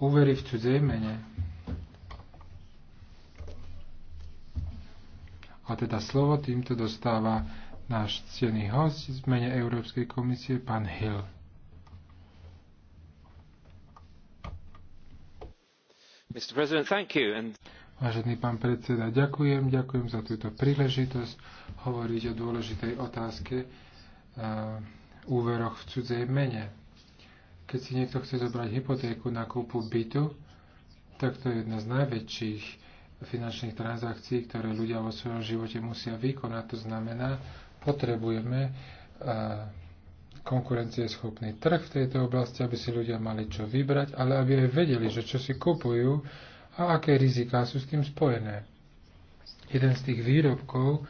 uverí v cudzej mene. A teda slovo týmto dostáva náš cený host z mene Európskej komisie, pán Hill. Mr. President, thank you. And... Vážený pán predseda, ďakujem, ďakujem za túto príležitosť hovoriť o dôležitej otázke uh, úveroch v cudzej mene. Keď si niekto chce zobrať hypotéku na kúpu bytu, tak to je jedna z najväčších finančných transakcií, ktoré ľudia vo svojom živote musia vykonať. To znamená, potrebujeme konkurencieschopný trh v tejto oblasti, aby si ľudia mali čo vybrať, ale aby aj vedeli, že čo si kupujú a aké riziká sú s tým spojené. Jeden z tých výrobkov,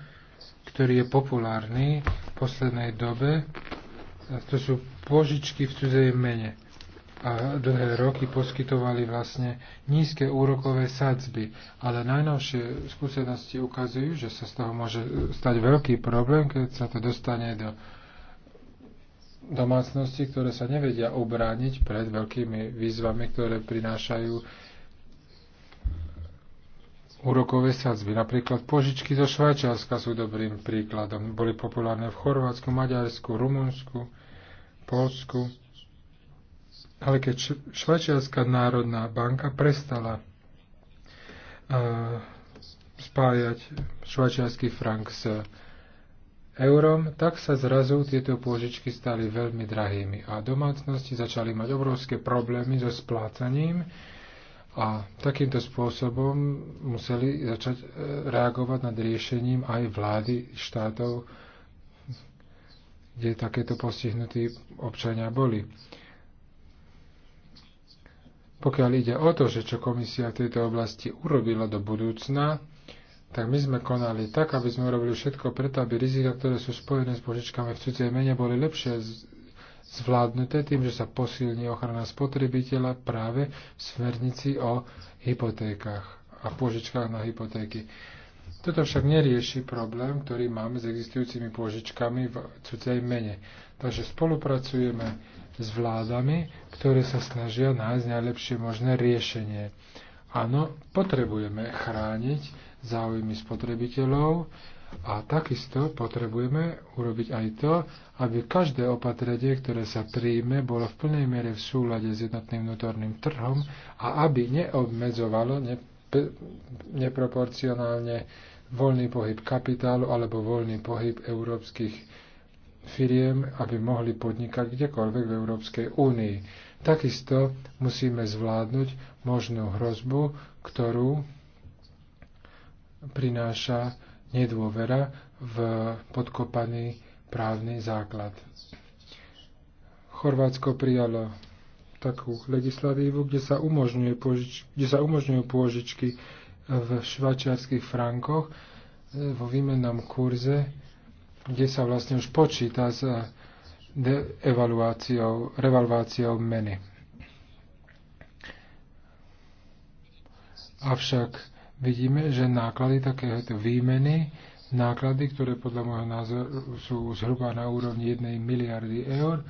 ktorý je populárny v poslednej dobe, to sú požičky v cudzej mene. A dlhé roky poskytovali vlastne nízke úrokové sadzby, ale najnovšie skúsenosti ukazujú, že sa z toho môže stať veľký problém, keď sa to dostane do domácnosti, ktoré sa nevedia obrániť pred veľkými výzvami, ktoré prinášajú úrokové sadzby. Napríklad požičky zo Švajčiarska sú dobrým príkladom. Boli populárne v Chorvátsku, Maďarsku, Rumunsku. Polsku. Ale keď Švajčiarska národná banka prestala uh, spájať švajčiarsky frank s eurom, tak sa zrazu tieto pôžičky stali veľmi drahými a domácnosti začali mať obrovské problémy so splácaním a takýmto spôsobom museli začať e, reagovať nad riešením aj vlády štátov kde takéto postihnutí občania boli. Pokiaľ ide o to, že čo komisia v tejto oblasti urobila do budúcna, tak my sme konali tak, aby sme urobili všetko preto, aby rizika, ktoré sú spojené s požičkami v cudzej mene, boli lepšie zvládnuté tým, že sa posilní ochrana spotrebiteľa práve v smernici o hypotékach a požičkách na hypotéky. Toto však nerieši problém, ktorý máme s existujúcimi pôžičkami v cudzej mene. Takže spolupracujeme s vládami, ktoré sa snažia nájsť najlepšie možné riešenie. Áno, potrebujeme chrániť záujmy spotrebiteľov a takisto potrebujeme urobiť aj to, aby každé opatrenie, ktoré sa príjme, bolo v plnej miere v súlade s jednotným vnútorným trhom a aby neobmedzovalo, ne, neproporcionálne voľný pohyb kapitálu alebo voľný pohyb európskych firiem, aby mohli podnikať kdekoľvek v Európskej únii. Takisto musíme zvládnuť možnú hrozbu, ktorú prináša nedôvera v podkopaný právny základ. Chorvátsko prijalo takú legislatívu, kde sa, umožňuje požič, kde sa umožňujú pôžičky v švajčiarských frankoch e, vo výmennom kurze, kde sa vlastne už počíta s e, devaluáciou, revalváciou meny. Avšak vidíme, že náklady takéhoto výmeny, náklady, ktoré podľa môjho názoru sú zhruba na úrovni 1 miliardy eur,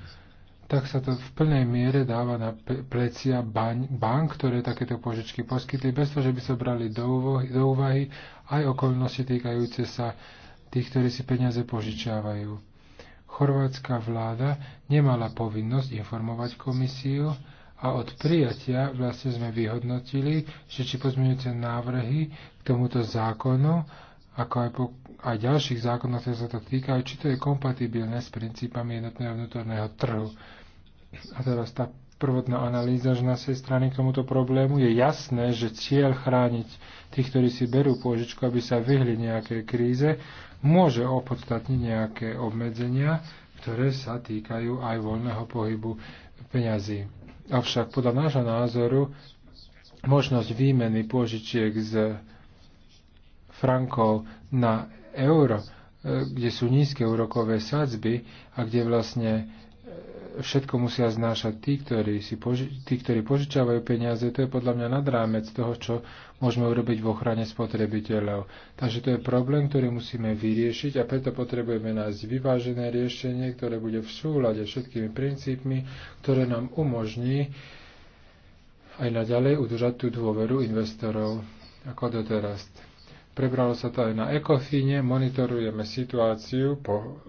tak sa to v plnej miere dáva na plecia bank, bank, ktoré takéto požičky poskytli, bez toho, že by sa brali do úvahy, do úvahy aj okolnosti týkajúce sa tých, ktorí si peniaze požičiavajú. Chorvátska vláda nemala povinnosť informovať komisiu a od prijatia vlastne sme vyhodnotili, že či pozmeňujúce návrhy k tomuto zákonu, ako aj, po, aj ďalších zákonov, ktoré sa to týkajú, či to je kompatibilné s princípami jednotného vnútorného trhu. A teraz tá prvotná analýza že na tej strany k tomuto problému. Je jasné, že cieľ chrániť tých, ktorí si berú pôžičku, aby sa vyhli nejaké kríze, môže opodstatniť nejaké obmedzenia, ktoré sa týkajú aj voľného pohybu peňazí. Avšak podľa nášho názoru možnosť výmeny pôžičiek z frankov na euro, eh, kde sú nízke úrokové sadzby a kde vlastne všetko musia znášať tí, ktorí, si poži- tí, ktorí požičiavajú peniaze. To je podľa mňa nad rámec toho, čo môžeme urobiť v ochrane spotrebiteľov. Takže to je problém, ktorý musíme vyriešiť a preto potrebujeme nájsť vyvážené riešenie, ktoré bude v súlade všetkými princípmi, ktoré nám umožní aj naďalej udržať tú dôveru investorov ako doteraz. Prebralo sa to aj na ECOFINE, monitorujeme situáciu po,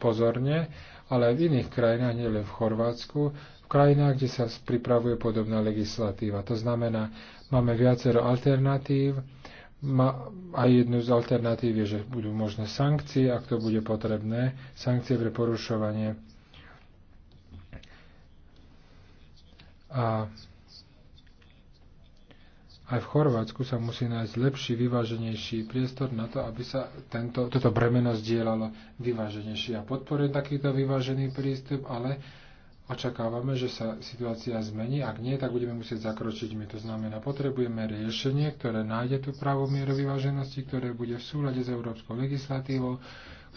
pozorne ale aj v iných krajinách, nielen v Chorvátsku, v krajinách, kde sa pripravuje podobná legislatíva. To znamená, máme viacero alternatív a jednu z alternatív je, že budú možné sankcie, ak to bude potrebné, sankcie pre porušovanie. A aj v Chorvátsku sa musí nájsť lepší, vyváženejší priestor na to, aby sa tento, toto bremeno zdieľalo vyváženejšie. Ja podporujem takýto vyvážený prístup, ale očakávame, že sa situácia zmení. Ak nie, tak budeme musieť zakročiť my. To znamená, potrebujeme riešenie, ktoré nájde tú pravú mieru vyváženosti, ktoré bude v súlade s európskou legislatívou,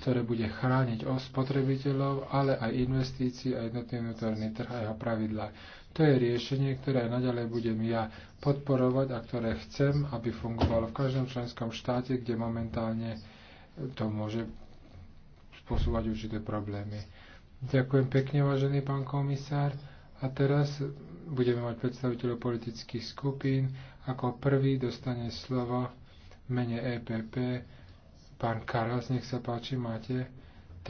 ktoré bude chrániť spotrebiteľov, ale aj investícií a jednotný vnútorný trh a jeho pravidlá. To je riešenie, ktoré naďalej budem ja podporovať a ktoré chcem, aby fungovalo v každom členskom štáte, kde momentálne to môže spôsobovať určité problémy. Ďakujem pekne, vážený pán komisár. A teraz budeme mať predstaviteľov politických skupín. Ako prvý dostane slovo mene EPP pán Karas. Nech sa páči, máte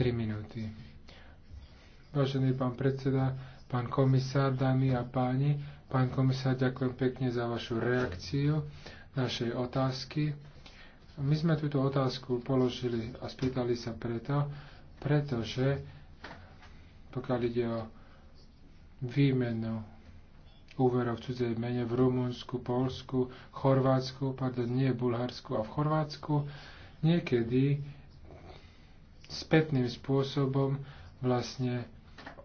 3 minúty. Vážený pán predseda, Pán komisár, dámy a páni, pán komisár, ďakujem pekne za vašu reakciu našej otázky. My sme túto otázku položili a spýtali sa preto, pretože pokiaľ ide o výmenu úverov v cudzej mene v Rumunsku, Polsku, Chorvátsku, pardon, nie v Bulharsku a v Chorvátsku, niekedy spätným spôsobom vlastne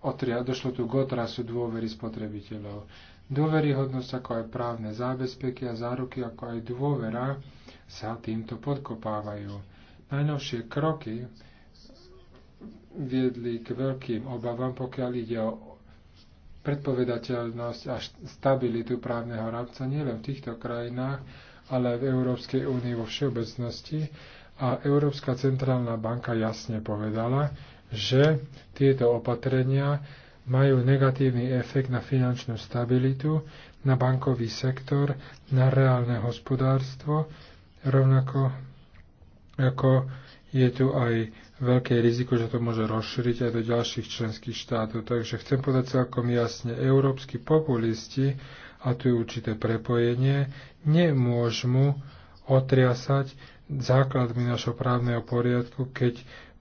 otria, došlo tu k otrasu dôvery spotrebiteľov. Dôveryhodnosť ako aj právne zábezpeky a záruky ako aj dôvera sa týmto podkopávajú. Najnovšie kroky viedli k veľkým obavám, pokiaľ ide o predpovedateľnosť a stabilitu právneho rámca nielen v týchto krajinách, ale aj v Európskej únii vo všeobecnosti. A Európska centrálna banka jasne povedala, že tieto opatrenia majú negatívny efekt na finančnú stabilitu, na bankový sektor, na reálne hospodárstvo, rovnako ako je tu aj veľké riziko, že to môže rozšíriť aj do ďalších členských štátov. Takže chcem povedať celkom jasne, európsky populisti, a tu je určité prepojenie, nemôžu otriasať základmi našho právneho poriadku, keď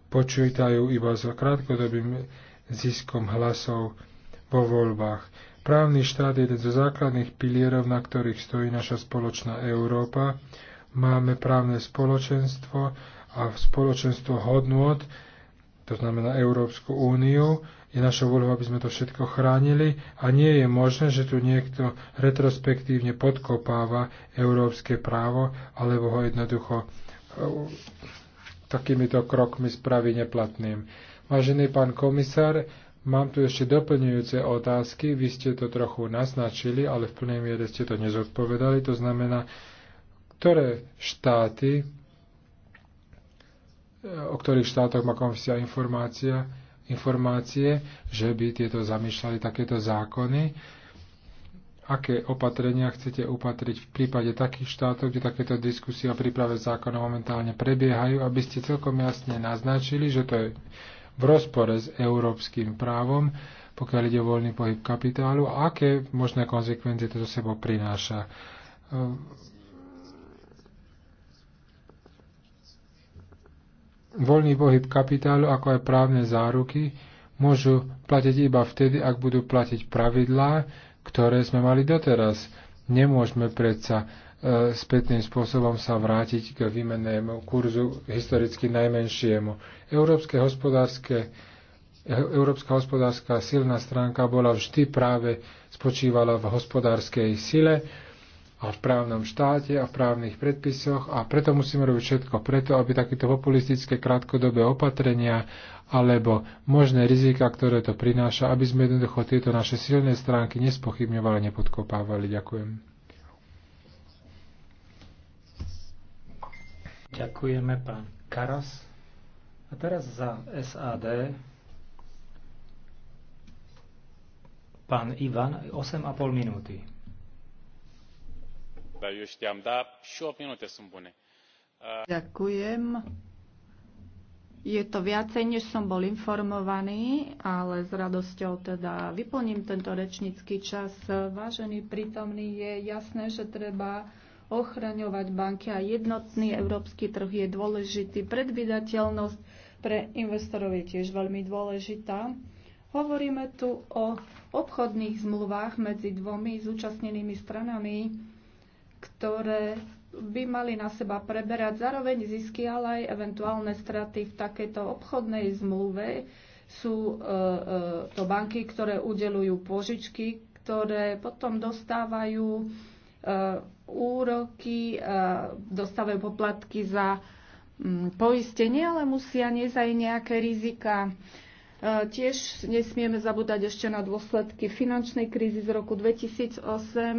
počítajú iba s so krátkodobým ziskom hlasov vo voľbách. Právny štát je jeden zo základných pilierov, na ktorých stojí naša spoločná Európa. Máme právne spoločenstvo a spoločenstvo hodnot, to znamená Európsku úniu. Je našou úlohou, aby sme to všetko chránili a nie je možné, že tu niekto retrospektívne podkopáva európske právo alebo ho jednoducho takýmito krokmi spraví neplatným. Vážený pán komisár, mám tu ešte doplňujúce otázky. Vy ste to trochu naznačili, ale v plnej miere ste to nezodpovedali. To znamená, ktoré štáty, o ktorých štátoch má komisia informácia, informácie, že by tieto zamýšľali takéto zákony aké opatrenia chcete upatriť v prípade takých štátov, kde takéto diskusie o príprave zákona momentálne prebiehajú, aby ste celkom jasne naznačili, že to je v rozpore s európskym právom, pokiaľ ide o voľný pohyb kapitálu a aké možné konsekvencie to so sebou prináša. Ehm, voľný pohyb kapitálu, ako aj právne záruky, môžu platiť iba vtedy, ak budú platiť pravidlá, ktoré sme mali doteraz. Nemôžeme predsa e, spätným spôsobom sa vrátiť k výmennému kurzu historicky najmenšiemu. Európske hospodárske, e, európska hospodárska silná stránka bola vždy práve spočívala v hospodárskej sile, a v právnom štáte a v právnych predpisoch a preto musíme robiť všetko preto, aby takéto populistické krátkodobé opatrenia alebo možné rizika, ktoré to prináša, aby sme jednoducho tieto naše silné stránky nespochybňovali, a nepodkopávali. Ďakujem. Ďakujeme, pán Karas. A teraz za SAD pán Ivan, 8,5 minúty. Ďakujem. Je to viacej, než som bol informovaný, ale s radosťou teda vyplním tento rečnícky čas. Vážený prítomný, je jasné, že treba ochraňovať banky a jednotný európsky trh je dôležitý. Predvydateľnosť pre investorov je tiež veľmi dôležitá. Hovoríme tu o obchodných zmluvách medzi dvomi zúčastnenými stranami ktoré by mali na seba preberať zároveň zisky, ale aj eventuálne straty v takejto obchodnej zmluve. Sú e, e, to banky, ktoré udelujú požičky, ktoré potom dostávajú e, úroky, dostávajú poplatky za mm, poistenie, ale musia niesť aj nejaké rizika. Tiež nesmieme zabúdať ešte na dôsledky finančnej krízy z roku 2008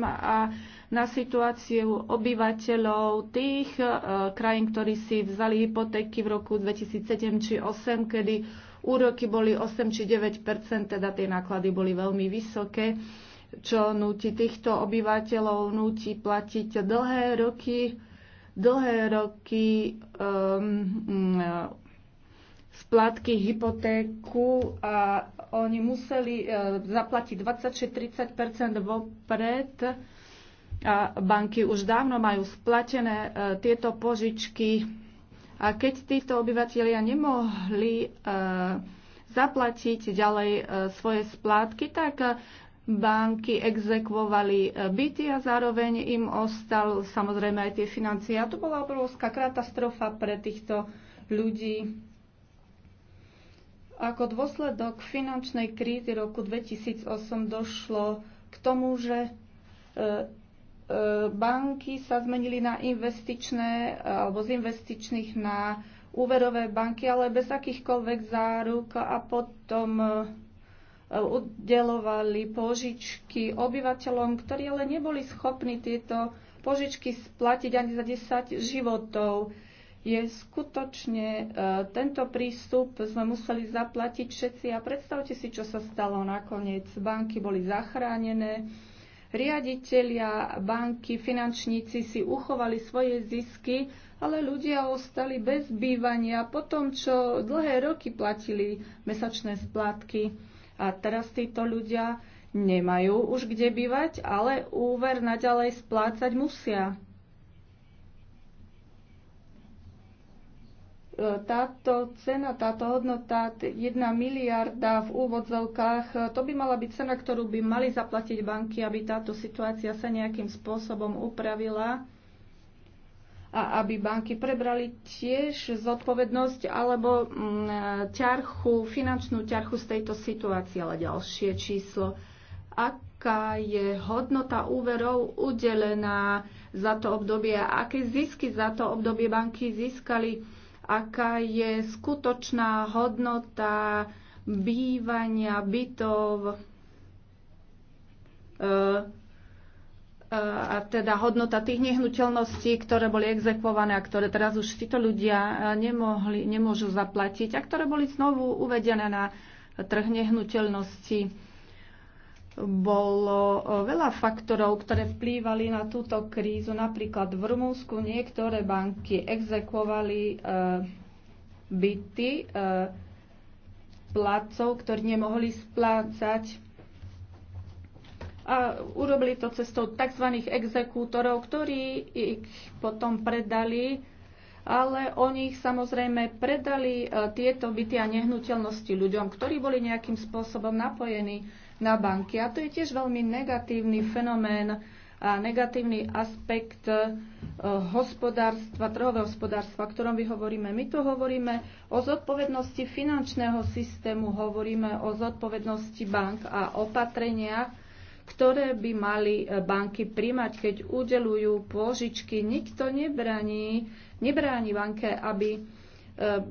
a na situáciu obyvateľov tých e, krajín, ktorí si vzali hypotéky v roku 2007 či 2008, kedy úroky boli 8 či 9 teda tie náklady boli veľmi vysoké, čo núti týchto obyvateľov, núti platiť dlhé roky, dlhé roky um, splátky hypotéku a oni museli e, zaplatiť 20 30 vopred a banky už dávno majú splatené e, tieto požičky a keď títo obyvateľia nemohli e, zaplatiť ďalej e, svoje splátky, tak banky exekvovali byty a zároveň im ostal samozrejme aj tie financie. A to bola obrovská katastrofa pre týchto ľudí. Ako dôsledok finančnej krízy roku 2008 došlo k tomu, že banky sa zmenili na investičné alebo z investičných na úverové banky, ale bez akýchkoľvek záruk a potom e, udelovali požičky obyvateľom, ktorí ale neboli schopní tieto požičky splatiť ani za 10 životov. Je skutočne e, tento prístup sme museli zaplatiť všetci a predstavte si, čo sa stalo nakoniec. Banky boli zachránené, Riaditeľia, banky, finančníci si uchovali svoje zisky, ale ľudia ostali bez bývania po tom, čo dlhé roky platili mesačné splátky. A teraz títo ľudia nemajú už kde bývať, ale úver naďalej splácať musia. táto cena, táto hodnota 1 miliarda v úvodzovkách, e, to by mala byť cena, ktorú by mali zaplatiť banky, aby táto situácia sa nejakým spôsobom upravila a aby banky prebrali tiež zodpovednosť alebo mm, e, ťarchu, finančnú ťarchu z tejto situácie, ale ďalšie číslo. Aká je hodnota úverov udelená za to obdobie a aké zisky za to obdobie banky získali? aká je skutočná hodnota bývania, bytov, e, e, a teda hodnota tých nehnuteľností, ktoré boli exekvované a ktoré teraz už títo ľudia e, nemohli, nemôžu zaplatiť a ktoré boli znovu uvedené na trh nehnuteľností bolo e, veľa faktorov, ktoré vplývali na túto krízu. Napríklad v Rumúnsku niektoré banky exekovali e, byty e, plácov, ktorí nemohli splácať a urobili to cestou tzv. exekútorov, ktorí ich potom predali, ale oni ich samozrejme predali tieto byty a nehnuteľnosti ľuďom, ktorí boli nejakým spôsobom napojení na banky. A to je tiež veľmi negatívny fenomén a negatívny aspekt eh, hospodárstva, trhového hospodárstva, o ktorom my hovoríme. My tu hovoríme o zodpovednosti finančného systému, hovoríme o zodpovednosti bank a opatrenia, ktoré by mali eh, banky príjmať, keď udelujú pôžičky. Nikto nebraní, nebráni banke, aby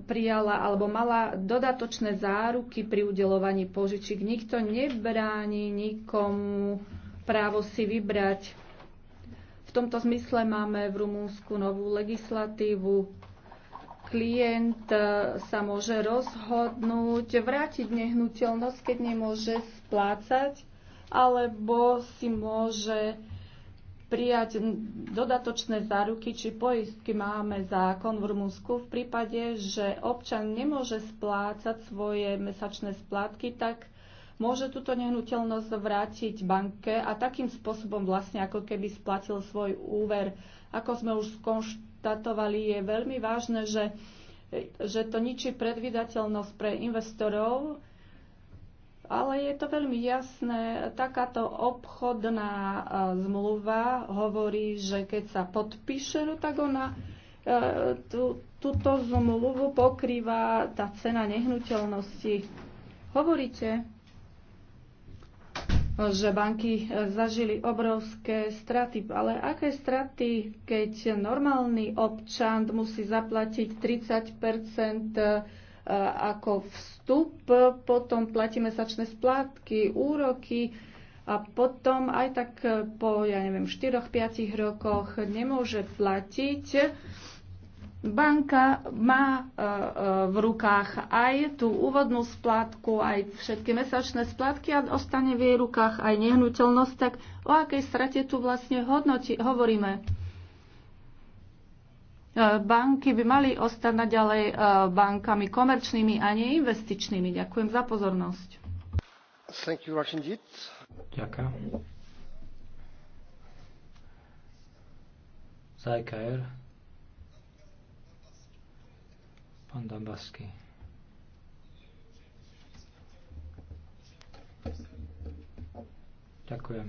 prijala alebo mala dodatočné záruky pri udelovaní požičiek. Nikto nebráni nikomu právo si vybrať. V tomto zmysle máme v Rumúnsku novú legislatívu. Klient e, sa môže rozhodnúť vrátiť nehnuteľnosť, keď nemôže splácať, alebo si môže prijať dodatočné záruky či poistky. Máme zákon v Rumunsku v prípade, že občan nemôže splácať svoje mesačné splátky, tak môže túto nehnuteľnosť vrátiť banke a takým spôsobom vlastne ako keby splatil svoj úver. Ako sme už skonštatovali, je veľmi vážne, že, že to ničí predvydateľnosť pre investorov ale je to veľmi jasné, takáto obchodná e, zmluva hovorí, že keď sa podpíše, no tak ona e, tú, túto zmluvu pokrýva tá cena nehnuteľnosti. Hovoríte, že banky e, zažili obrovské straty. Ale aké straty, keď normálny občan musí zaplatiť 30 Eh, ako vstup, potom platí mesačné splátky, úroky a potom aj tak eh, po, ja neviem, 4-5 rokoch nemôže platiť. Banka má eh, v rukách aj tú úvodnú splátku, aj všetky mesačné splátky a ostane v jej rukách aj nehnuteľnosť, tak o akej strate tu vlastne hodnoti, hovoríme? E, banky by mali ostať naďalej e, bankami komerčnými a nie investičnými. Ďakujem za pozornosť. Thank you, Ďakujem. Zajkajer. E Pán Dambasky. Ďakujem.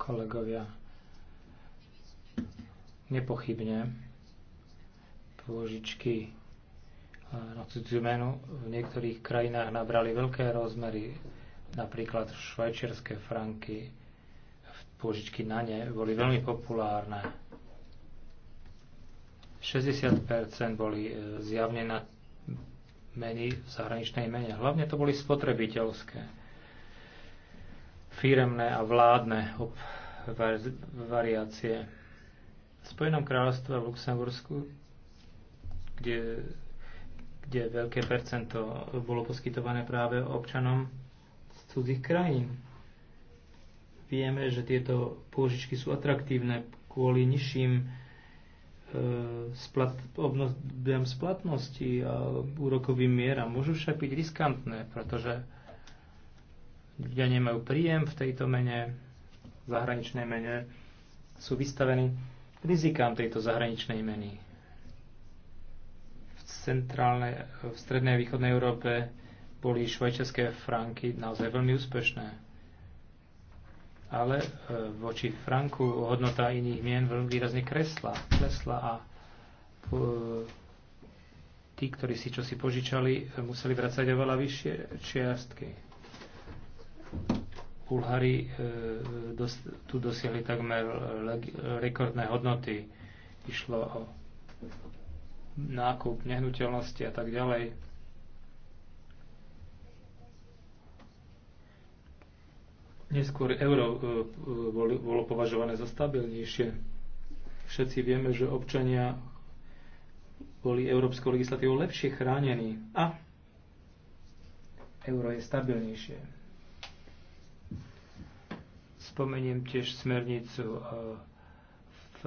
Kolegovia, Nepochybne pôžičky eh, na cudziu menu v niektorých krajinách nabrali veľké rozmery, napríklad švajčiarske franky, pôžičky na ne boli veľmi populárne. 60% boli eh, zjavne na meni v zahraničnej mene. Hlavne to boli spotrebiteľské, firemné a vládne variácie v Spojenom kráľovstve v Luxembursku, kde, kde veľké percento bolo poskytované práve občanom z cudzích krajín. Vieme, že tieto pôžičky sú atraktívne kvôli nižším e, splat, splatnosti a úrokovým mieram môžu však byť riskantné, pretože ľudia nemajú príjem v tejto mene, v zahraničnej mene, sú vystavení rizikám tejto zahraničnej meny. V, centrálnej, v strednej a východnej Európe boli švajčiarske franky naozaj veľmi úspešné. Ale e, voči franku hodnota iných mien veľmi výrazne kresla. kresla a e, tí, ktorí si čo si požičali, museli vracať oveľa vyššie čiastky. Bulhári e, tu dosiahli takmer rekordné hodnoty. Išlo o nákup nehnuteľnosti a tak ďalej. Neskôr euro e, bolo považované za stabilnejšie. Všetci vieme, že občania boli európskou legislatívou lepšie chránení a euro je stabilnejšie. Spomeniem tiež smernicu,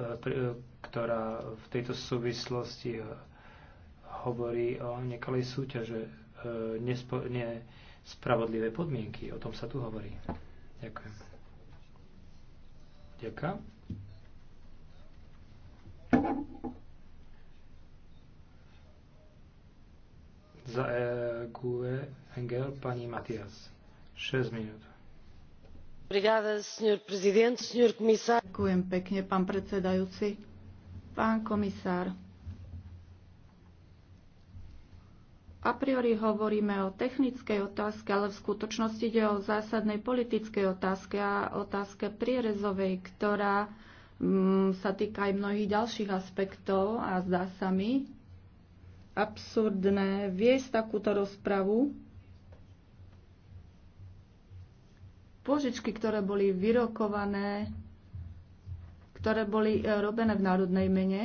e, e, ktorá v tejto súvislosti e, hovorí o nekalej súťaže, nespo, nespravodlivé podmienky. O tom sa tu hovorí. Ďakujem. Ďakujem. Za EQE Engel pani Matias. 6 minút. Ďakujem pekne, pán predsedajúci. Pán komisár, a priori hovoríme o technickej otázke, ale v skutočnosti ide o zásadnej politickej otázke a otázke prierezovej, ktorá mm, sa týka aj mnohých ďalších aspektov a zdá sa mi absurdné viesť takúto rozpravu Pôžičky, ktoré boli vyrokované, ktoré boli e, robené v národnej mene,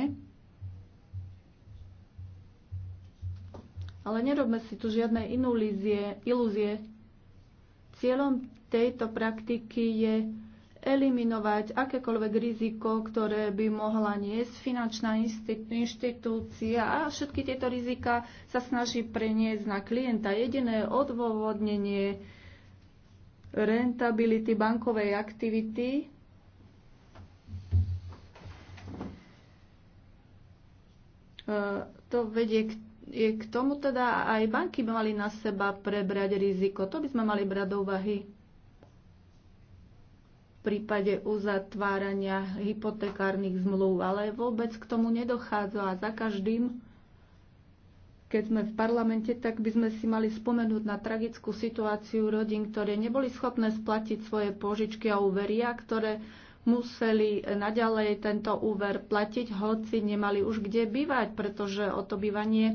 Ale nerobme si tu žiadne inulízie, ilúzie. Cieľom tejto praktiky je eliminovať akékoľvek riziko, ktoré by mohla niesť finančná inštitúcia a všetky tieto rizika sa snaží preniesť na klienta. Jediné odôvodnenie rentability bankovej aktivity. E, to vedie k, k tomu teda aj banky by mali na seba prebrať riziko. To by sme mali brať do úvahy v prípade uzatvárania hypotekárnych zmluv, ale vôbec k tomu nedochádza a za každým keď sme v parlamente, tak by sme si mali spomenúť na tragickú situáciu rodín, ktoré neboli schopné splatiť svoje požičky a úveria, ktoré museli naďalej tento úver platiť, hoci nemali už kde bývať, pretože o to bývanie e,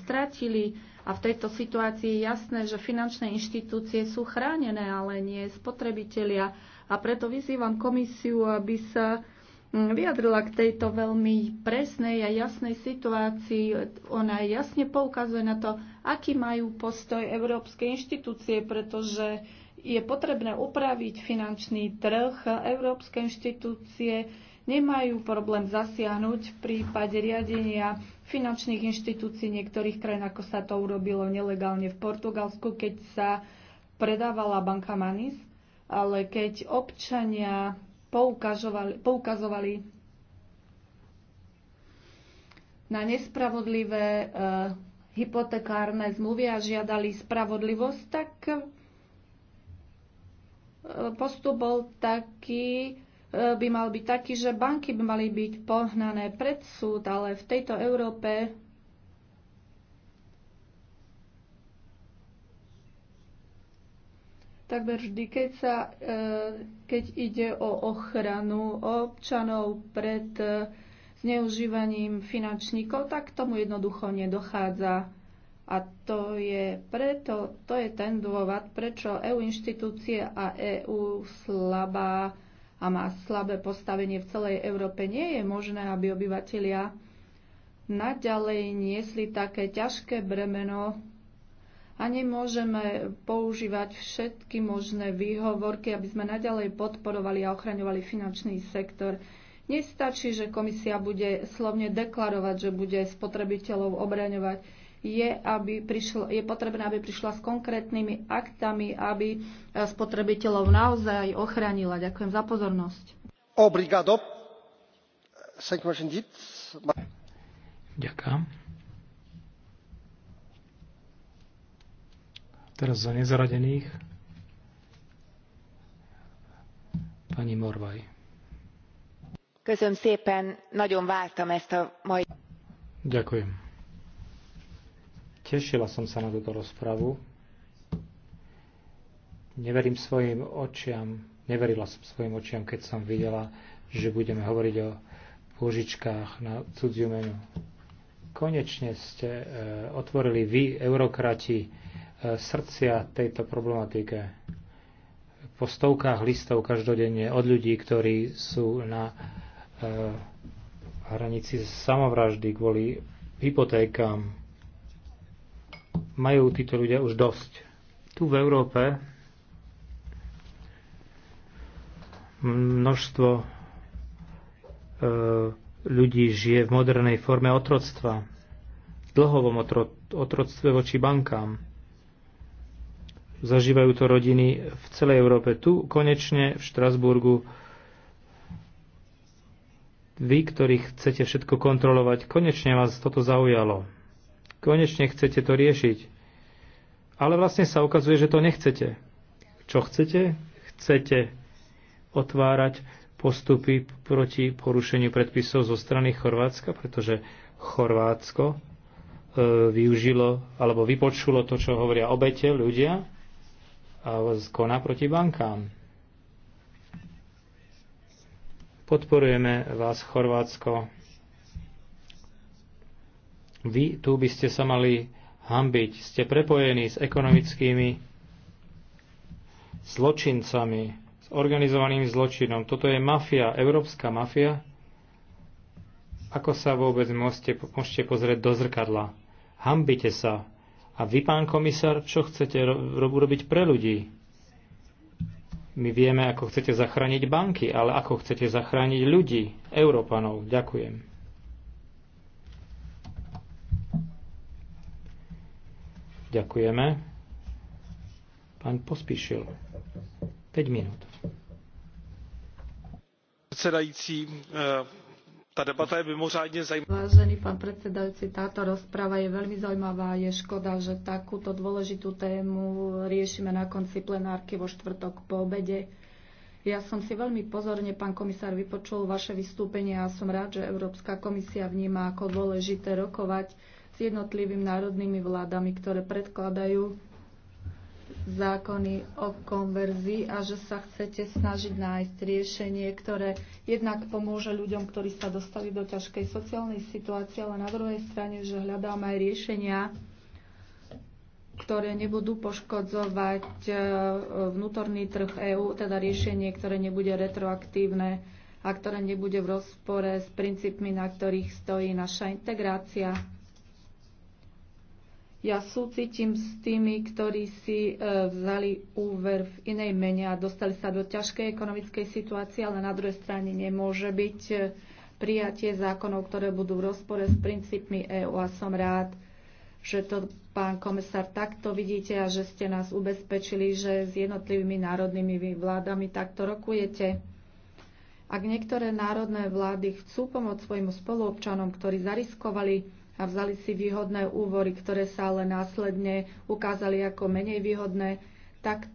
strátili. A v tejto situácii je jasné, že finančné inštitúcie sú chránené, ale nie spotrebitelia. A preto vyzývam komisiu, aby sa vyjadrila k tejto veľmi presnej a jasnej situácii. Ona jasne poukazuje na to, aký majú postoj európske inštitúcie, pretože je potrebné upraviť finančný trh. Európske inštitúcie nemajú problém zasiahnuť v prípade riadenia finančných inštitúcií niektorých krajín, ako sa to urobilo nelegálne v Portugalsku, keď sa predávala banka Manis, ale keď občania poukazovali na nespravodlivé e, hypotekárne zmluvy a žiadali spravodlivosť, tak e, postup bol taký, e, by mal byť taký, že banky by mali byť pohnané pred súd, ale v tejto Európe takmer vždy, keď, sa, e, keď ide o ochranu občanov pred e, zneužívaním finančníkov, tak tomu jednoducho nedochádza. A to je preto, to je ten dôvod, prečo EU inštitúcie a EU slabá a má slabé postavenie v celej Európe. Nie je možné, aby obyvatelia naďalej niesli také ťažké bremeno a nemôžeme používať všetky možné výhovorky, aby sme naďalej podporovali a ochraňovali finančný sektor. Nestačí, že komisia bude slovne deklarovať, že bude spotrebiteľov obraňovať. Je, aby prišlo, je potrebné, aby prišla s konkrétnymi aktami, aby spotrebiteľov naozaj ochránila. Ďakujem za pozornosť. Obrigado. Ďakujem. Teraz za nezaradených pani Morvaj. Köszönöm szépen, nagyon vártam ezt a mai... Ďakujem. Tešila som sa na túto rozpravu. Neverím svojim očiam, neverila som svojim očiam, keď som videla, že budeme hovoriť o pôžičkách na cudziu menu. Konečne ste e, otvorili vy, eurokrati, E, srdcia tejto problematike. Po stovkách listov každodenne od ľudí, ktorí sú na e, hranici samovraždy kvôli hypotékám. Majú títo ľudia už dosť. Tu v Európe množstvo e, ľudí žije v modernej forme otroctva, dlhovom otro, otroctve voči bankám Zažívajú to rodiny v celej Európe. Tu konečne v Štrasburgu vy, ktorí chcete všetko kontrolovať, konečne vás toto zaujalo. Konečne chcete to riešiť. Ale vlastne sa ukazuje, že to nechcete. Čo chcete? Chcete otvárať postupy proti porušeniu predpisov zo strany Chorvátska, pretože Chorvátsko e, využilo alebo vypočulo to, čo hovoria obete, ľudia, koná proti bankám. Podporujeme vás, Chorvátsko. Vy tu by ste sa mali hambiť. Ste prepojení s ekonomickými zločincami, s organizovaným zločinom. Toto je mafia, európska mafia. Ako sa vôbec môžete, môžete pozrieť do zrkadla? Hambite sa. A vy, pán komisár, čo chcete robiť pre ľudí? My vieme, ako chcete zachrániť banky, ale ako chcete zachrániť ľudí, Európanov. Ďakujem. Ďakujeme. Pán Pospíšil. 5 minút. Predsedající, eh, tá debata je mimořádne zaujímavá. Vážený pán predsedajúci, táto rozprava je veľmi zaujímavá. Je škoda, že takúto dôležitú tému riešime na konci plenárky vo štvrtok po obede. Ja som si veľmi pozorne, pán komisár, vypočul vaše vystúpenie a som rád, že Európska komisia vníma ako dôležité rokovať s jednotlivými národnými vládami, ktoré predkladajú zákony o konverzii a že sa chcete snažiť nájsť riešenie, ktoré jednak pomôže ľuďom, ktorí sa dostali do ťažkej sociálnej situácie, ale na druhej strane, že hľadáme aj riešenia, ktoré nebudú poškodzovať e, vnútorný trh EÚ, teda riešenie, ktoré nebude retroaktívne a ktoré nebude v rozpore s princípmi, na ktorých stojí naša integrácia. Ja súcitím s tými, ktorí si e, vzali úver v inej mene a dostali sa do ťažkej ekonomickej situácie, ale na druhej strane nemôže byť e, prijatie zákonov, ktoré budú v rozpore s princípmi EÚ a som rád, že to, pán komisár, takto vidíte a že ste nás ubezpečili, že s jednotlivými národnými vládami takto rokujete. Ak niektoré národné vlády chcú pomôcť svojim spoluobčanom, ktorí zariskovali a vzali si výhodné úvory, ktoré sa ale následne ukázali ako menej výhodné, tak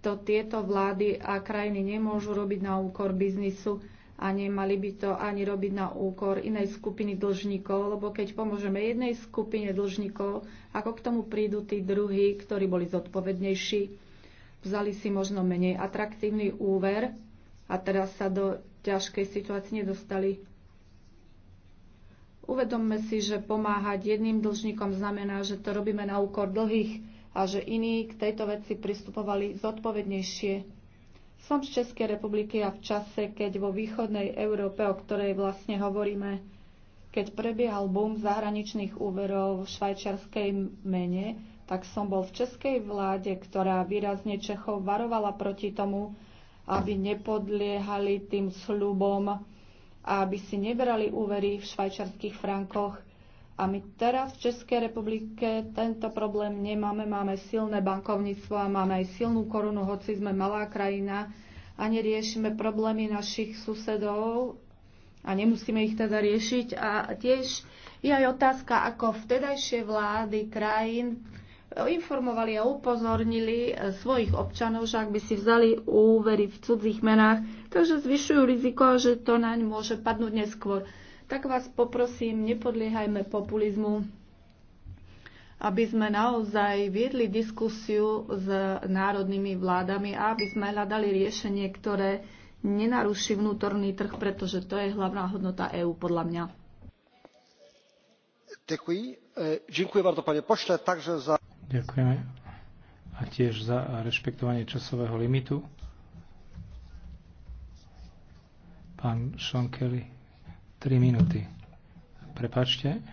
to tieto vlády a krajiny nemôžu robiť na úkor biznisu a nemali by to ani robiť na úkor inej skupiny dlžníkov, lebo keď pomôžeme jednej skupine dlžníkov, ako k tomu prídu tí druhí, ktorí boli zodpovednejší, vzali si možno menej atraktívny úver a teraz sa do ťažkej situácie nedostali. Uvedomme si, že pomáhať jedným dlžníkom znamená, že to robíme na úkor dlhých a že iní k tejto veci pristupovali zodpovednejšie. Som z Českej republiky a v čase, keď vo východnej Európe, o ktorej vlastne hovoríme, keď prebiehal boom zahraničných úverov v švajčiarskej mene, tak som bol v českej vláde, ktorá výrazne Čechov varovala proti tomu, aby nepodliehali tým sľubom, aby si neberali úvery v švajčarských frankoch. A my teraz v Českej republike tento problém nemáme. Máme silné bankovníctvo a máme aj silnú korunu, hoci sme malá krajina a neriešime problémy našich susedov a nemusíme ich teda riešiť. A tiež je aj otázka, ako vtedajšie vlády krajín informovali a upozornili svojich občanov, že ak by si vzali úvery v cudzích menách, takže zvyšujú riziko, že to naň môže padnúť neskôr. Tak vás poprosím, nepodliehajme populizmu, aby sme naozaj viedli diskusiu s národnými vládami a aby sme hľadali riešenie, ktoré nenaruší vnútorný trh, pretože to je hlavná hodnota EÚ podľa mňa. Ďakujem. E, ďakujem bardzo, panie pośle, za Ďakujeme a tiež za rešpektovanie časového limitu. Pán Sean Kelly, 3 minúty. Prepačte.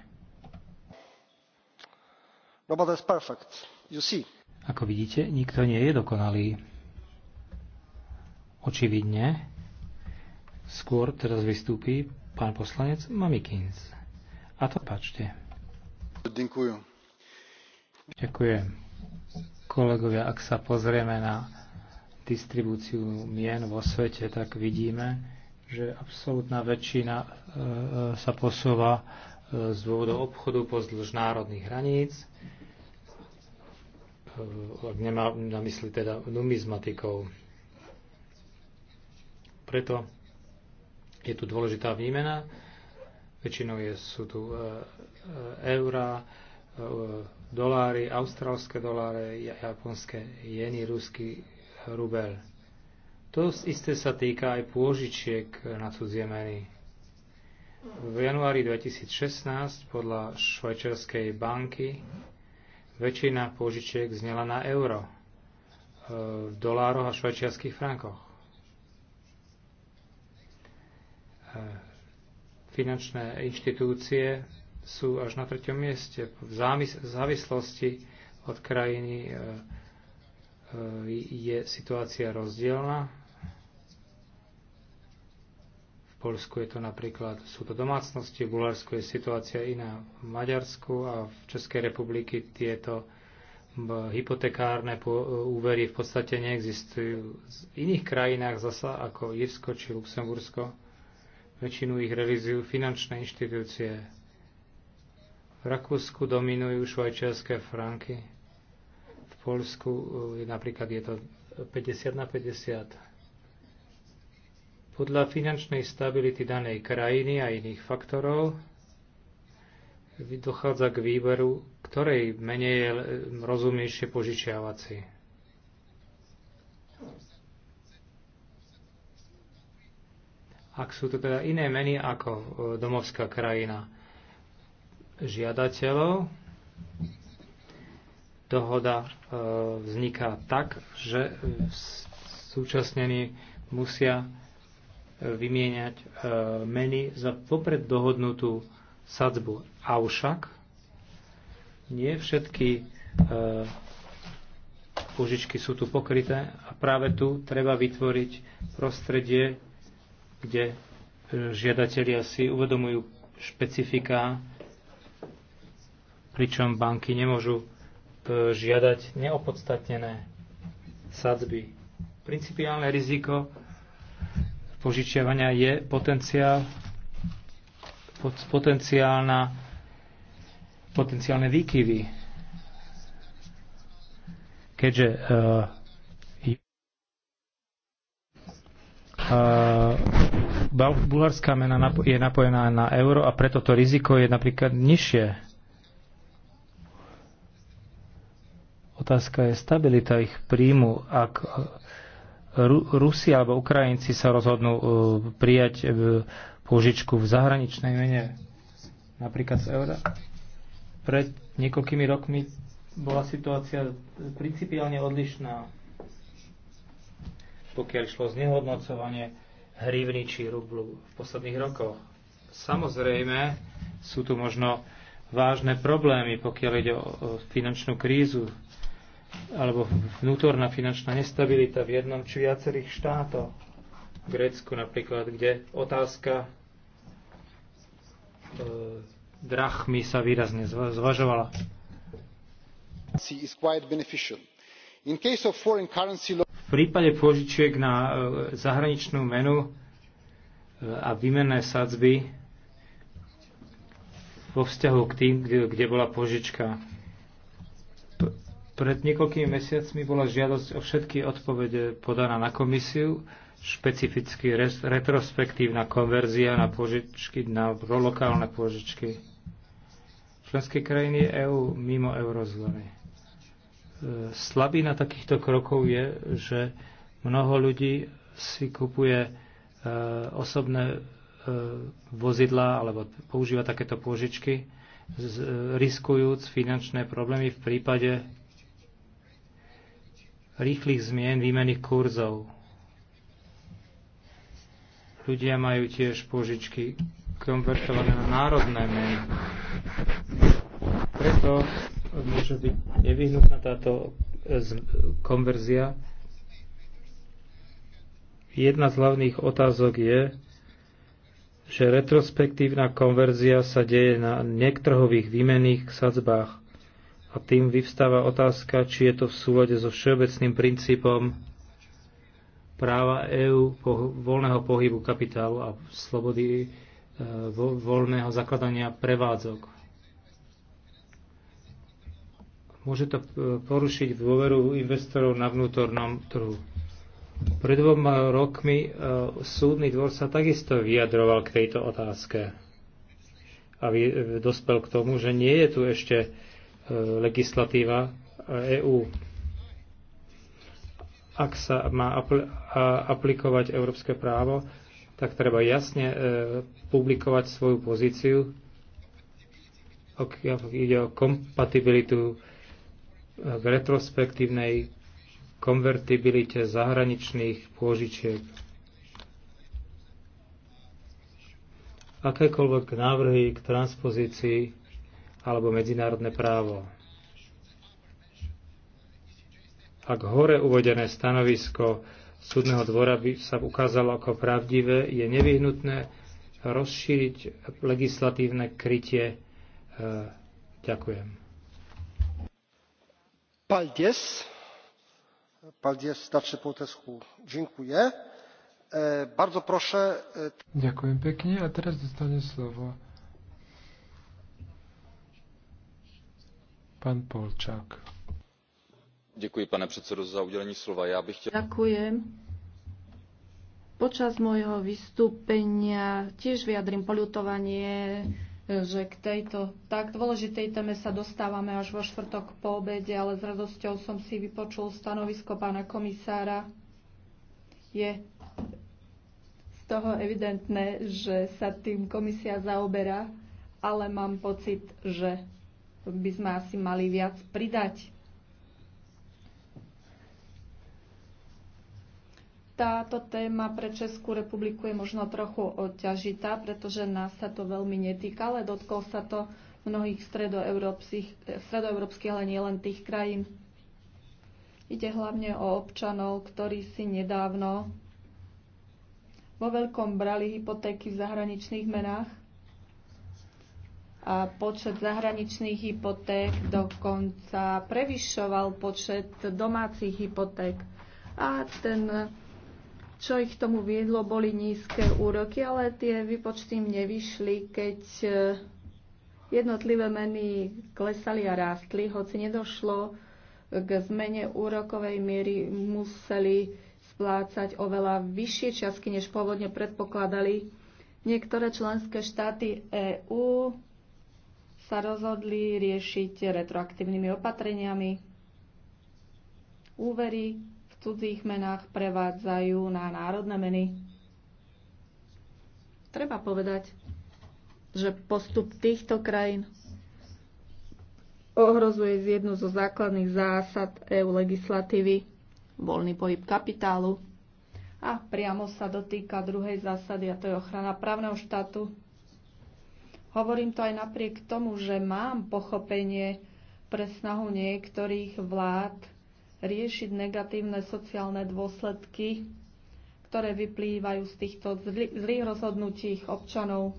No, perfect, you see. Ako vidíte, nikto nie je dokonalý. Očividne. Skôr teraz vystúpi pán poslanec Mamikins. A to páčte. Ďakujem. Ďakujem. Kolegovia, ak sa pozrieme na distribúciu mien vo svete, tak vidíme, že absolútna väčšina e, e, sa posúva e, z dôvodov obchodu pozdĺž národných hraníc, ak nemá na mysli teda numizmatikov. Preto je tu dôležitá výmena, väčšinou je, sú tu eurá, doláry, austrálske doláre, japonské jeny, ruský rubel. To isté sa týka aj pôžičiek na cudzie meny. V januári 2016 podľa švajčiarskej banky väčšina pôžičiek znela na euro e, v dolároch a švajčiarských frankoch. E, finančné inštitúcie sú až na treťom mieste v závislosti od krajiny e, e, je situácia rozdielna. V Polsku je to napríklad, sú to domácnosti, v Bulharsku je situácia iná v Maďarsku a v Českej republiky tieto hypotekárne e, úvery v podstate neexistujú. V iných krajinách zasa ako Irsko či Luxembursko väčšinu ich realizujú finančné inštitúcie, v Rakúsku dominujú švajčiarske franky. V Polsku eh, napríklad je to 50 na 50. Podľa finančnej stability danej krajiny a iných faktorov dochádza k výberu, ktorej menej je eh, rozumnejšie požičiavací. Ak sú to teda iné meny ako eh, domovská krajina, žiadateľov. Dohoda e, vzniká tak, že e, súčasnení musia e, vymieňať meny za popred dohodnutú sadzbu. Avšak nie všetky požičky sú tu pokryté a práve tu treba vytvoriť prostredie, kde žiadatelia si uvedomujú špecifiká pričom banky nemôžu e, žiadať neopodstatnené sadzby. Principiálne riziko požičiavania je potenciál, potenciálna, potenciálne výkyvy. Keďže uh, uh, bulharská mena je napojená na euro a preto to riziko je napríklad nižšie Otázka je stabilita ich príjmu. Ak e, Rusi alebo Ukrajinci sa rozhodnú e, prijať e, požičku v zahraničnej mene, napríklad z eura. Pred niekoľkými rokmi bola situácia principiálne odlišná, pokiaľ išlo znehodnocovanie hrivny či rublu v posledných rokoch. Samozrejme, sú tu možno vážne problémy, pokiaľ ide o finančnú krízu alebo vnútorná finančná nestabilita v jednom či viacerých štátoch. V Grécku napríklad, kde otázka e, drachmy sa výrazne zvažovala. V prípade požičiek na e, zahraničnú menu e, a výmenné sadzby vo vzťahu k tým, kde, kde bola požička pred niekoľkými mesiacmi bola žiadosť o všetky odpovede podaná na komisiu, špecificky retrospektívna konverzia na požičky, na lokálne požičky. Členské krajiny EÚ EU mimo eurozóny. E, slabina takýchto krokov je, že mnoho ľudí si kupuje e, osobné e, vozidla alebo používa takéto pôžičky, riskujúc finančné problémy v prípade rýchlych zmien výmených kurzov. Ľudia majú tiež požičky konvertované na národné meny. Preto môže byť nevyhnutná táto e, konverzia. Jedna z hlavných otázok je, že retrospektívna konverzia sa deje na nektrhových výmených sadzbách. A tým vyvstáva otázka, či je to v súlade so všeobecným princípom práva EÚ po, voľného pohybu kapitálu a slobody e, vo, voľného zakladania prevádzok. Môže to e, porušiť dôveru investorov na vnútornom trhu. Pred dvoma rokmi e, súdny dvor sa takisto vyjadroval k tejto otázke a dospel k tomu, že nie je tu ešte legislatíva EÚ. Eh, e Ak sa má aplikovať európske právo, tak treba jasne eh, publikovať svoju pozíciu, ok, ide o kompatibilitu k eh, retrospektívnej konvertibilite zahraničných pôžičiek. Akékoľvek návrhy k transpozícii alebo medzinárodné právo. Ak hore uvedené stanovisko súdneho dvora by sa ukázalo ako pravdivé, je nevyhnutné rozšíriť legislatívne krytie. E, ďakujem. Paldies. Paldies, starszy Połtesku. Ďakujem. Bardzo proszę. E, ďakujem pekne. A teraz dostane slovo Pán Polčák. Ďakujem, pane predsedo, za udelení slova. Ja chtěl... Ďakujem. Počas môjho vystúpenia tiež vyjadrím poľutovanie, že k tejto tak dôležitej téme sa dostávame až vo štvrtok po obede, ale s radosťou som si vypočul stanovisko pána komisára. Je z toho evidentné, že sa tým komisia zaoberá, ale mám pocit, že by sme asi mali viac pridať. Táto téma pre Českú republiku je možno trochu odťažitá, pretože nás sa to veľmi netýka, ale dotkol sa to mnohých stredoeurópskych, stredoeurópskych ale nielen tých krajín. Ide hlavne o občanov, ktorí si nedávno vo veľkom brali hypotéky v zahraničných menách počet zahraničných hypoték dokonca prevyšoval počet domácich hypoték. A ten, čo ich tomu viedlo, boli nízke úroky, ale tie vypočty im nevyšli, keď e, jednotlivé meny klesali a rástli, hoci nedošlo k zmene úrokovej miery, museli splácať oveľa vyššie čiastky, než pôvodne predpokladali. Niektoré členské štáty EÚ sa rozhodli riešiť retroaktívnymi opatreniami. Úvery v cudzích menách prevádzajú na národné meny. Treba povedať, že postup týchto krajín ohrozuje z jednu zo základných zásad EU legislatívy voľný pohyb kapitálu a priamo sa dotýka druhej zásady a to je ochrana právneho štátu Hovorím to aj napriek tomu, že mám pochopenie pre snahu niektorých vlád riešiť negatívne sociálne dôsledky, ktoré vyplývajú z týchto zlých rozhodnutí občanov.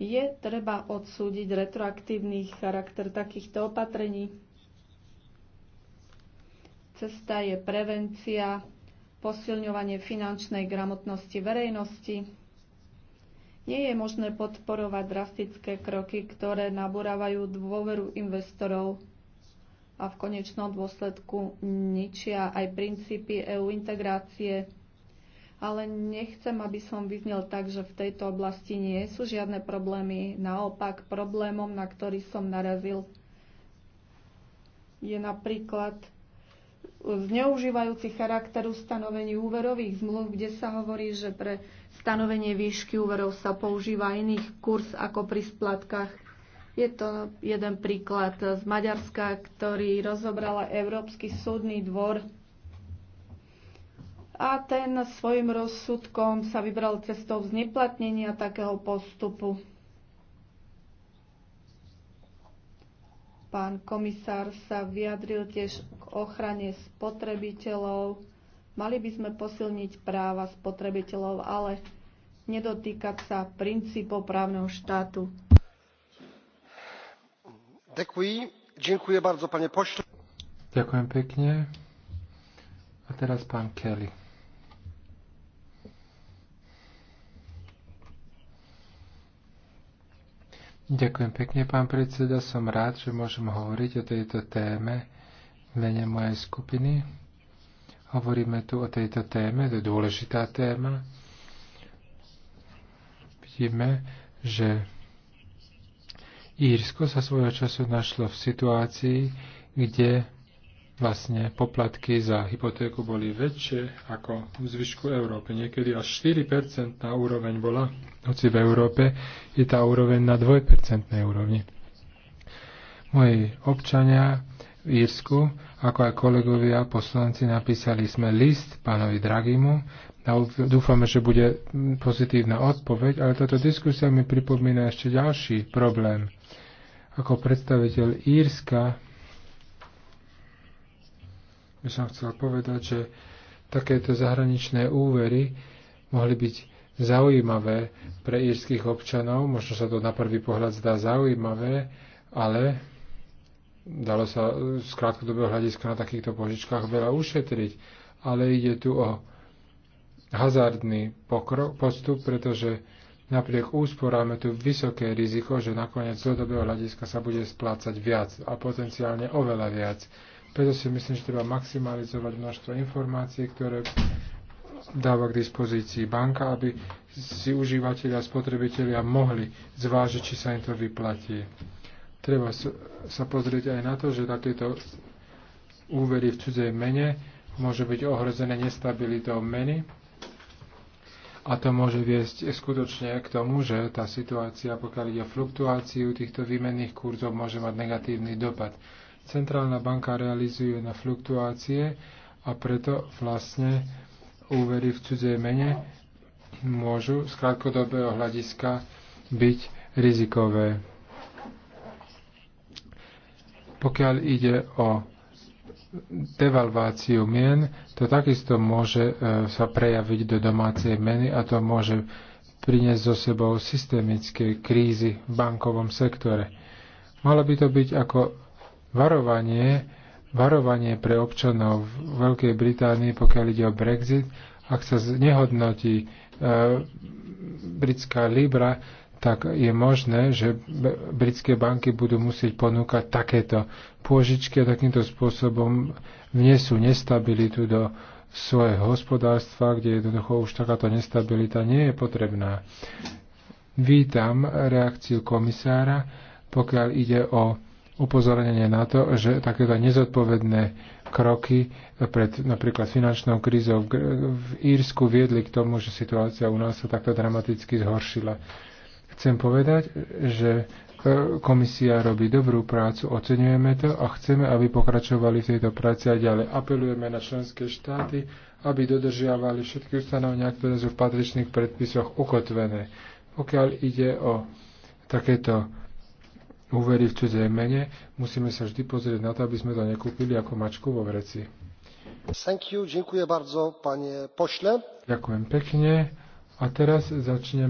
Je treba odsúdiť retroaktívny charakter takýchto opatrení. Cesta je prevencia, posilňovanie finančnej gramotnosti verejnosti, nie je možné podporovať drastické kroky, ktoré naburávajú dôveru investorov a v konečnom dôsledku ničia aj princípy EU integrácie. Ale nechcem, aby som vyznel tak, že v tejto oblasti nie sú žiadne problémy. Naopak, problémom, na ktorý som narazil, je napríklad zneužívajúci charakter ustanovení úverových zmluv, kde sa hovorí, že pre Stanovenie výšky úverov sa používa iných kurz ako pri splatkách. Je to jeden príklad z Maďarska, ktorý rozobrala Európsky súdny dvor a ten svojim rozsudkom sa vybral cestou zneplatnenia takého postupu. Pán komisár sa vyjadril tiež k ochrane spotrebiteľov Mali by sme posilniť práva spotrebiteľov, ale nedotýkať sa princípov právneho štátu. Ďakujem. pekne. A teraz pán Kelly. Ďakujem pekne, pán predseda. Som rád, že môžem hovoriť o tejto téme v mene mojej skupiny. Hovoríme tu o tejto téme, to je dôležitá téma. Vidíme, že Írsko sa svojho času našlo v situácii, kde vlastne poplatky za hypotéku boli väčšie ako v zvyšku Európy. Niekedy až 4% na úroveň bola, hoci v Európe je tá úroveň na 2% úrovni. Moji občania v Írsku, ako aj kolegovia poslanci, napísali sme list pánovi Dragimu a dúfame, že bude pozitívna odpoveď, ale táto diskusia mi pripomína ešte ďalší problém. Ako predstaviteľ Írska by som chcel povedať, že takéto zahraničné úvery mohli byť zaujímavé pre írskych občanov. Možno sa to na prvý pohľad zdá zaujímavé, ale Dalo sa e, z krátkodobého hľadiska na takýchto požičkách veľa ušetriť, ale ide tu o hazardný pokrok, postup, pretože napriek úsporám je tu vysoké riziko, že nakoniec z dlhodobého hľadiska sa bude splácať viac a potenciálne oveľa viac. Preto si myslím, že treba maximalizovať množstvo informácií, ktoré dáva k dispozícii banka, aby si užívateľia a spotrebitelia mohli zvážiť, či sa im to vyplatí. Treba sa pozrieť aj na to, že takéto úvery v cudzej mene môže byť ohrozené nestabilitou meny a to môže viesť skutočne k tomu, že tá situácia, pokiaľ ide o fluktuáciu týchto výmenných kurzov, môže mať negatívny dopad. Centrálna banka realizuje na fluktuácie a preto vlastne úvery v cudzej mene môžu z krátkodobého hľadiska byť rizikové. Pokiaľ ide o devalváciu mien, to takisto môže e, sa prejaviť do domácej meny a to môže priniesť so sebou systemické krízy v bankovom sektore. Malo by to byť ako varovanie, varovanie pre občanov v Veľkej Británii, pokiaľ ide o Brexit, ak sa znehodnotí e, britská libra, tak je možné, že britské banky budú musieť ponúkať takéto pôžičky a takýmto spôsobom vnesú nestabilitu do svojho hospodárstva, kde jednoducho už takáto nestabilita nie je potrebná. Vítam reakciu komisára, pokiaľ ide o upozornenie na to, že takéto nezodpovedné kroky pred napríklad finančnou krízou v Írsku viedli k tomu, že situácia u nás sa takto dramaticky zhoršila. Chcem povedať, že e, komisia robí dobrú prácu, oceňujeme to a chceme, aby pokračovali v tejto práci a ďalej. Apelujeme na členské štáty, aby dodržiavali všetky ustanovenia, ktoré sú v patričných predpisoch ukotvené. Pokiaľ ide o takéto úvery v cudzej mene, musíme sa vždy pozrieť na to, aby sme to nekúpili ako mačku vo vreci. Thank you, bardzo, panie pošle. Ďakujem pekne. A teraz začneme